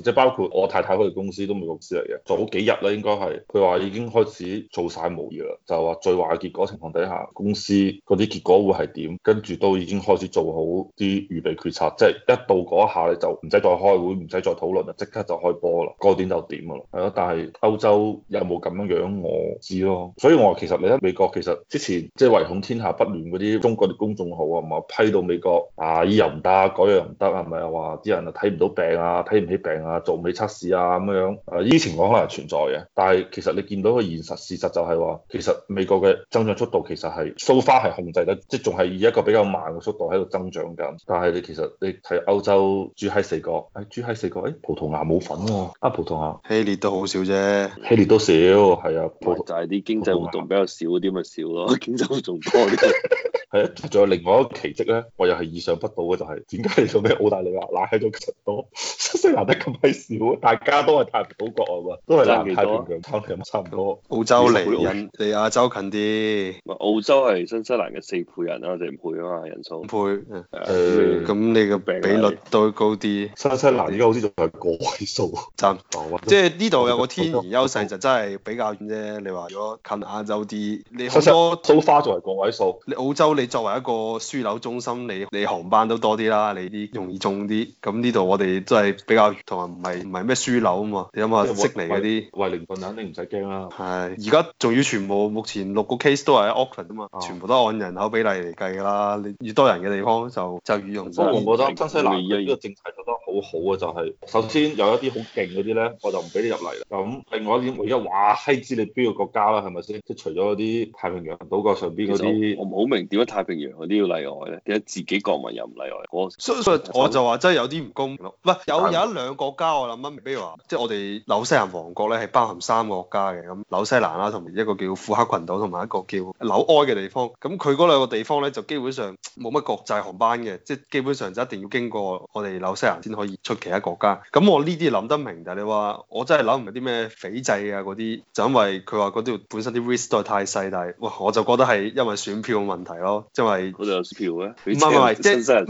即係包括我太太嗰個公司都母公司嚟嘅，早幾日啦應該係佢話已經開始做晒模擬啦，就話最壞嘅結果情況底下，公司嗰啲結果會係點，跟住都已經開始做好啲預備決策，即係一到嗰一下咧就唔使再開會，唔使再討論啦，即刻就開波啦，個點就點噶啦。係咯，但係歐洲有冇咁樣樣我知咯，所以我話其實你睇美國其實之前即係唯恐天下不亂嗰啲中國啲公眾號啊，話批到美國啊，依又唔得，嗰樣又唔得，係咪啊？話啲人啊睇唔到病啊，睇唔起病啊。啊，做尾測試啊，咁樣，誒，依情況可能存在嘅，但係其實你見到個現實事實就係話，其實美國嘅增長速度其實係 so far 係控制得，即仲係以一個比較慢嘅速度喺度增長緊。但係你其實你睇歐洲，主喺四個，誒、哎，主喺四個，誒、欸，葡萄牙冇份喎，啊，啊，葡萄牙，希臘都好少啫，希臘都少，係啊，葡萄就係啲經濟活動比較少啲咪少咯，經濟活動多啲。 係啊，仲有另外一個奇蹟咧，我又係意想不到嘅就係點解你做咩澳大利亞奶係仲多，新西蘭得咁閪少，大家都係睇唔到國外喎，都係南太平洋差唔多，多，澳洲嚟近，離亞洲近啲。澳洲係新西蘭嘅四倍人啊，我哋五倍啊嘛，人數五倍。誒，咁你個比率都高啲。新西蘭而家好似仲係個位數。真，即係呢度有個天然優勢就真係比較遠啫。你話如果近亞洲啲，你好多都花仲係個位數，你澳洲。你作為一個樞紐中心，你你航班都多啲啦，你啲容易中啲。咁呢度我哋都係比較同埋唔係唔係咩樞紐啊嘛，你諗下悉尼嗰啲，維靈頓肯定唔使驚啦。係，而家仲要全部目前六個 case 都係喺 Auckland 啊嘛，哦、全部都按人口比例嚟計㗎啦。你越多人嘅地方就就越容易。我覺得新西蘭呢個政策做得好好啊，就係、是、首先有一啲好勁嗰啲咧，我就唔俾你入嚟啦。咁另外一點，我而家話哇閪知你邊個國家啦，係咪先？即、就是、除咗啲太平洋島國上邊嗰啲，我唔好明點。太平洋嗰啲要例外咧，點解自己國民又唔例外？我所以我就話真係有啲唔公平咯，唔有但有一兩個國家我諗緊，比如話即係我哋紐西蘭王國咧係包含三個國家嘅，咁紐西蘭啦同埋一個叫庫克群島同埋一個叫紐埃嘅地方。咁佢嗰兩個地方咧就基本上冇乜國際航班嘅，即係基本上就一定要經過我哋紐西蘭先可以出其他國家。咁我呢啲諗得明，但係你話我真係諗唔明啲咩斐濟啊嗰啲，就因為佢話嗰啲本身啲 risk 都太細，但係哇我就覺得係因為選票嘅問題咯。即係嗰度有票嘅，唔係唔係，即係唔係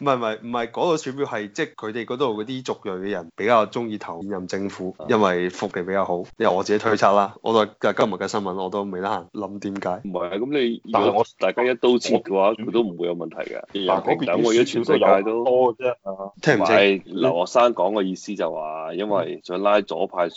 唔係，唔係嗰個選票係即係佢哋嗰度嗰啲族裔嘅人比較中意投現任政府，因為福利比較好。因為我自己推測啦，我都今日嘅新聞我都未得閒諗點解。唔係咁你但係我大家一刀切嘅話，佢都唔會有問題嘅。嗱，等我如果全世界都多啫。聽唔清。同埋留學生講嘅意思就話，因為想拉左派票，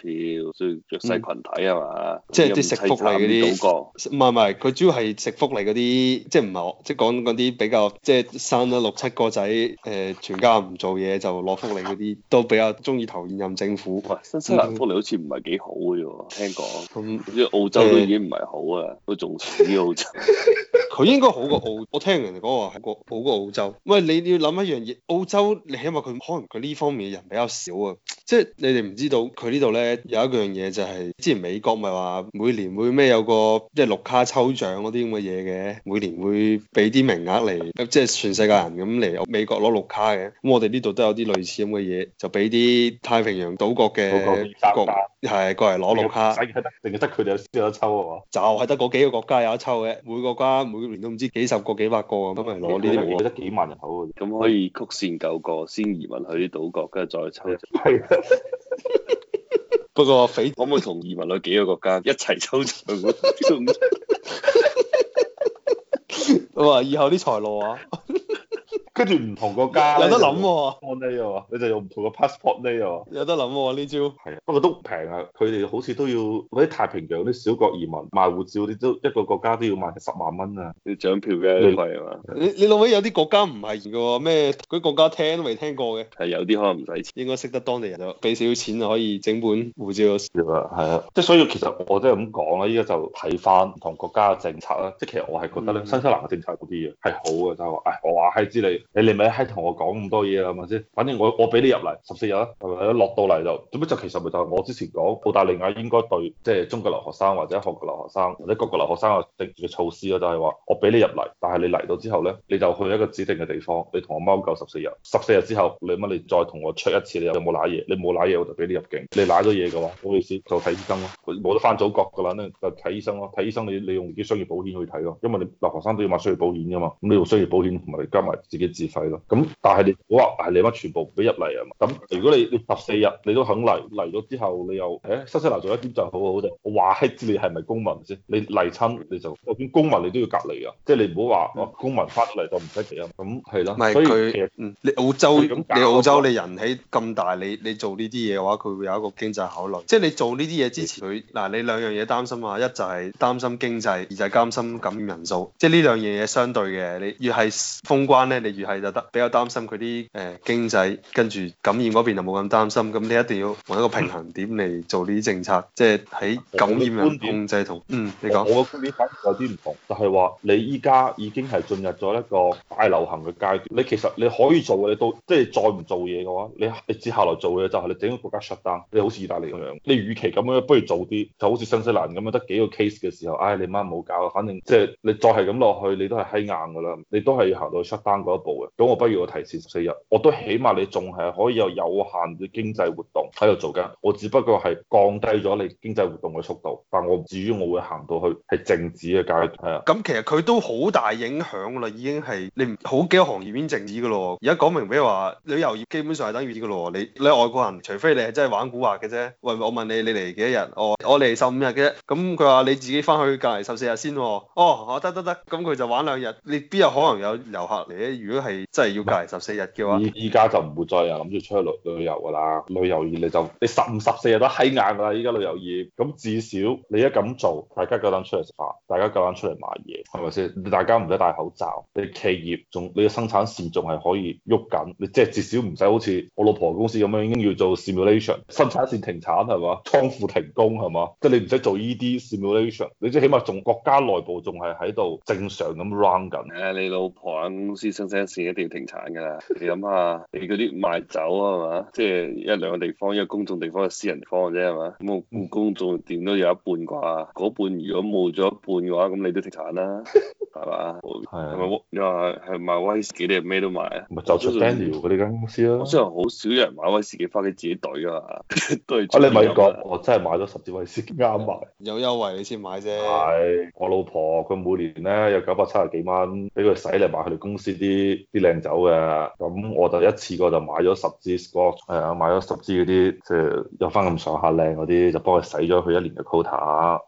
所以弱勢群體啊嘛，即係啲食福利嗰啲。唔係唔係，佢主要係食福利嗰啲，即係。即係講嗰啲比較，即係生咗六七個仔，誒、呃，全家唔做嘢就攞福利嗰啲，都比較中意投現任政府。喂，新西蘭、嗯、福利好似唔係幾好嘅喎，聽講。咁即係澳洲都已經唔係好啊，都仲屎澳洲。 佢應該好過澳，我聽人哋講話好過好過澳洲。喂，你要諗一樣嘢，澳洲你起碼佢可能佢呢方面嘅人比較少啊。即係你哋唔知道佢呢度咧有一樣嘢就係、是，之前美國咪話每年會咩有個即係綠卡抽獎嗰啲咁嘅嘢嘅，每年會俾啲名額嚟即係全世界人咁嚟美國攞綠卡嘅。咁我哋呢度都有啲類似咁嘅嘢，就俾啲太平洋島國嘅國家係過嚟攞綠卡，淨係卡得佢哋有先有，有得抽係就係得嗰幾個國家有得抽嘅，每個國家。每年都唔知幾十個、幾百個，咁咪攞呢啲，我覺得幾萬人口。咁可以曲線救國，先移民去啲島國，跟住再抽獎。不過，匪 可唔可以同移民去幾個國家一齊抽獎？哇！以後啲財路啊！跟住唔同國家有得諗喎 name 喎，你就有唔同嘅 passport name 有得諗喎，呢招。係啊，不過都唔平啊，佢哋好似都要嗰啲太平洋啲小國移民賣護照啲，都一個國家都要賣十萬蚊啊，要獎票嘅一嚿嘛？你你兩位有啲國家唔係㗎喎，咩嗰國家聽都未聽過嘅。係有啲可能唔使錢，應該識得當地人就俾少少錢就可以整本護照咯。係啊，係啊，即係所以其實我即係咁講啦，依家就睇翻唔同國家嘅政策啦。即係其實我係覺得咧，嗯、新西蘭嘅政策嗰啲嘢係好嘅，就係話，哎，我話係知你。你你咪係同我講咁多嘢啦，係咪先？反正我我俾你入嚟十四日啦，係咪？一落到嚟就做乜？就其實咪就係我之前講，澳大利亞應該對即係中國留學生或者韓國留學生或者各個留學生嘅定嘅措施咯，就係話我俾你入嚟，但係你嚟到之後咧，你就去一個指定嘅地方，你同我踎夠十四日，十四日之後你乜你再同我 check 一次你有冇攋嘢，你冇攋嘢我就俾你入境，你攋咗嘢嘅話，唔好意思就睇醫生咯，冇得翻祖國噶啦，就睇醫生咯，睇醫生你你用自己商業保險去睇咯，因為你留學生都要買商業保險噶嘛，咁你用商業保險同埋加埋自己。自費咯，咁但係你唔好話係你乜全部唔俾入嚟啊嘛。咁如果你你十四日你都肯嚟嚟咗之後，你又誒新、欸、西蘭做一點就好好就好。我話你係咪公民先？你嚟親你就，我講公民你都要隔離啊。即係你唔好話公民翻嚟就唔使俾啊。咁係咯，所以他其實、嗯、你澳洲你，你澳洲你人氣咁大，你你做呢啲嘢嘅話，佢會有一個經濟考慮。即係你做呢啲嘢之前，佢嗱的你兩樣嘢擔心啊，一就係擔心經濟，二就係擔心感染人數。即係呢兩樣嘢相對嘅，你越係封關咧，你係就得比較擔心佢啲誒經濟，跟住感染嗰邊就冇咁擔心。咁你一定要揾一個平衡點嚟做呢啲政策，即係喺感染觀點就係同嗯你講，我嘅觀點反而有啲唔同，就係話你依家已經係進入咗一個大流行嘅階段。你其實你可以做嘅，你到即係再唔做嘢嘅話，你你接下來做嘅就係你整個國家 shut down，你好似意大利咁樣。你與其咁樣，不如做啲就好似新西蘭咁樣，得幾個 case 嘅時候，唉，你媽唔好搞，反正即係你再係咁落去，你都係閪硬噶啦，你都係要行到去 shut down 嗰一步。咁我不如我提前十四日，我都起碼你仲係可以有有限嘅經濟活動喺度做緊，我只不過係降低咗你經濟活動嘅速度，但係我至於我會行到去係靜止嘅階段。係啊，咁其實佢都好大影響啦，已經係你唔好幾個行業已經靜止噶咯。而家講明，比如話旅遊業基本上係等於止噶咯。你你外國人，除非你係真係玩古惑嘅啫。喂，我問你你嚟幾多日？我我嚟十五日嘅啫。咁佢話你自己翻去隔離十四日先。哦，我得得得，咁、嗯、佢、哦哦哦嗯、就玩兩日。你邊有可能有遊客嚟咧？如果係真係要隔十四日嘅話，依依家就唔會再又諗住出去旅旅遊㗎啦。旅遊業你就你十五、十四日都閪硬㗎啦。依家旅遊業咁至少你一咁做，大家夠膽出嚟食飯，大家夠膽出嚟買嘢，係咪先？大家唔使戴口罩，你企業仲你嘅生產線仲係可以喐緊，你即係至少唔使好似我老婆公司咁樣已經要做 simulation 生產線停產係嘛，倉庫停工係嘛，即係、就是、你唔使做依啲 simulation，你即起碼仲國家內部仲係喺度正常咁 run 緊。誒，你老婆喺公司聲聲一定要停產㗎啦！你諗下，你嗰啲賣酒啊嘛，即係一兩個地方，一個公眾地方，一個私人地方嘅啫係嘛？咁、那個、公眾點都有一半啩，嗰半如果冇咗一半嘅話，咁你都停產啦，係嘛？係咪、啊？你話係賣威士忌你係咩都賣啊？咪就出 Daniel 嗰啲間公司咯、啊。雖然好少人買威士忌翻嚟自己兌 啊，嘛，兌。我你咪講，我真係買咗十支威士忌啱埋。有優惠你先買啫。係我老婆，佢每年咧有九百七十幾蚊俾佢使嚟買佢哋公司啲。啲靚酒嘅，咁我就一次過就買咗十支 Scotch，係啊，買咗十支嗰啲，即係有翻咁上下靚嗰啲，就幫佢洗咗佢一年嘅 quota。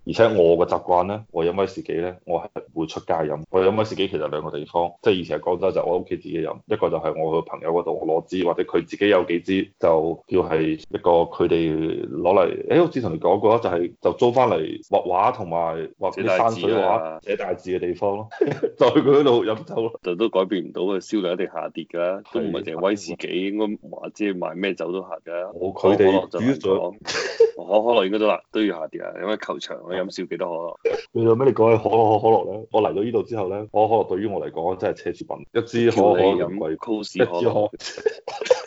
而且我嘅習慣咧，我飲威士忌咧，我係唔會出街飲。我飲威士忌其實兩個地方，即係以前喺廣州就我屋企自己飲，一個就係我去朋友嗰度我攞支，或者佢自己有幾支就叫係一個佢哋攞嚟。誒、欸，我之前同你講過就係、是、就租翻嚟畫畫同埋畫啲山水畫、寫大字嘅、啊、地方咯，就去佢嗰度飲酒，就都改變唔到嘅。銷量一定下跌㗎，都唔係淨係威士忌，的應該話知賣咩酒都下㗎。可、哦、可樂就唔同，可 可樂應該都啦，都要下跌啊，因為球場我飲 少幾多可樂。你有咩你講下可可可樂咧？我嚟到呢度之後咧，可可樂對於我嚟講真係奢侈品，一支可可咁貴，我一支可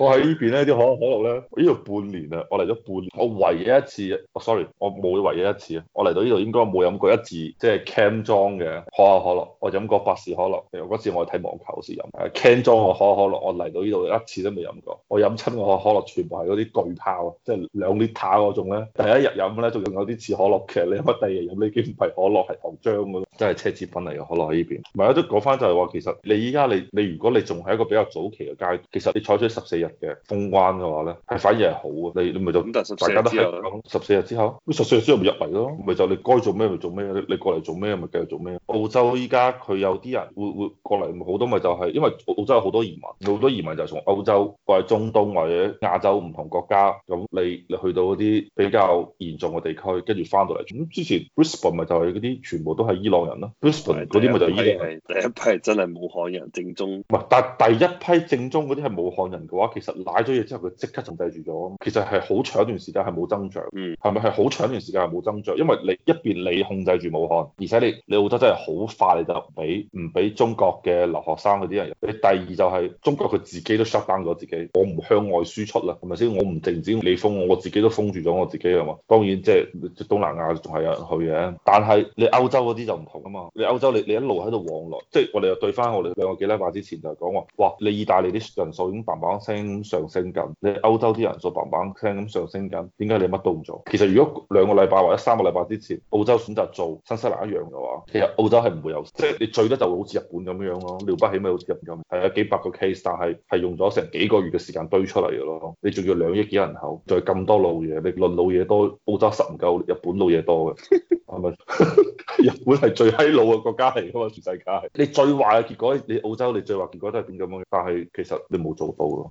我喺呢邊咧啲可口可樂咧，呢度半年啊，我嚟咗半年，我唯一一次，哦、oh, sorry，我冇唯一一次啊，我嚟到呢度應該冇飲過一次即係 can 裝嘅可口可樂，我飲過百事可樂，譬如嗰次我係睇網球嗰時飲，can 裝嘅可口可樂，我嚟到呢度一次都未飲過，我飲親我可口可樂全部係嗰啲巨泡啊，即係兩 liter 嗰種咧，第一日飲咧，仲有啲似可樂，其實你乜第二日飲呢啲唔係可樂係糖漿嘅，真係奢侈品嚟嘅可樂喺呢邊。唔係我都講翻就係話其實你依家你你如果你仲係一個比較早期嘅階段，其實你採取十四日。嘅封關嘅話咧，係反而係好嘅。你你咪就大家都係十四日之後，咁十四日之後咪入嚟咯。咪就你該做咩咪做咩，你過你過嚟做咩咪繼續做咩。澳洲依家佢有啲人會會過嚟、就是，好多咪就係因為澳洲有好多移民，好多移民就係從歐洲或者中東或者亞洲唔同國家。咁你你去到嗰啲比較嚴重嘅地區，跟住翻到嚟咁之前 Brisbane 咪就係嗰啲全部都係伊朗人咯。Brisbane 嗰啲咪就係伊朗人。第，第一批真係武漢人正宗。唔係，但係第一批正宗嗰啲係武漢人嘅話。其實奶咗嘢之後，佢即刻控制住咗。其實係好長一段時間係冇增長，係咪係好長一段時間係冇增長？因為你一邊你控制住武漢，而且你你澳洲真係好快你就唔俾唔俾中國嘅留學生嗰啲人。你第二就係中國佢自己都 shutdown 咗自己，我唔向外輸出啦，係咪先？我唔淨止，止你封我，我自己都封住咗我自己係嘛？當然即係東南亞仲係有人去嘅，但係你歐洲嗰啲就唔同啊嘛！你歐洲你你一路喺度往來，即係我哋又對翻我哋兩個幾禮拜之前就講話，哇！你意大利啲人數已經棒棒聲。上升緊，你歐洲啲人數棒棒聲咁上升緊，點解你乜都唔做？其實如果兩個禮拜或者三個禮拜之前澳洲選擇做新西蘭一樣嘅話，其實澳洲係唔會有，即係你最多就會好似日本咁樣咯，了不起咪好似日本係啊幾百個 case，但係係用咗成幾個月嘅時間堆出嚟嘅咯。你仲要兩億幾人口，仲係咁多老嘢，你論老嘢多，澳洲實唔夠日本老嘢多嘅，係咪？日本係最閪老嘅國家嚟噶嘛？全世界。你最壞嘅結果，你澳洲你最壞結果都係變咁樣？但係其實你冇做到咯。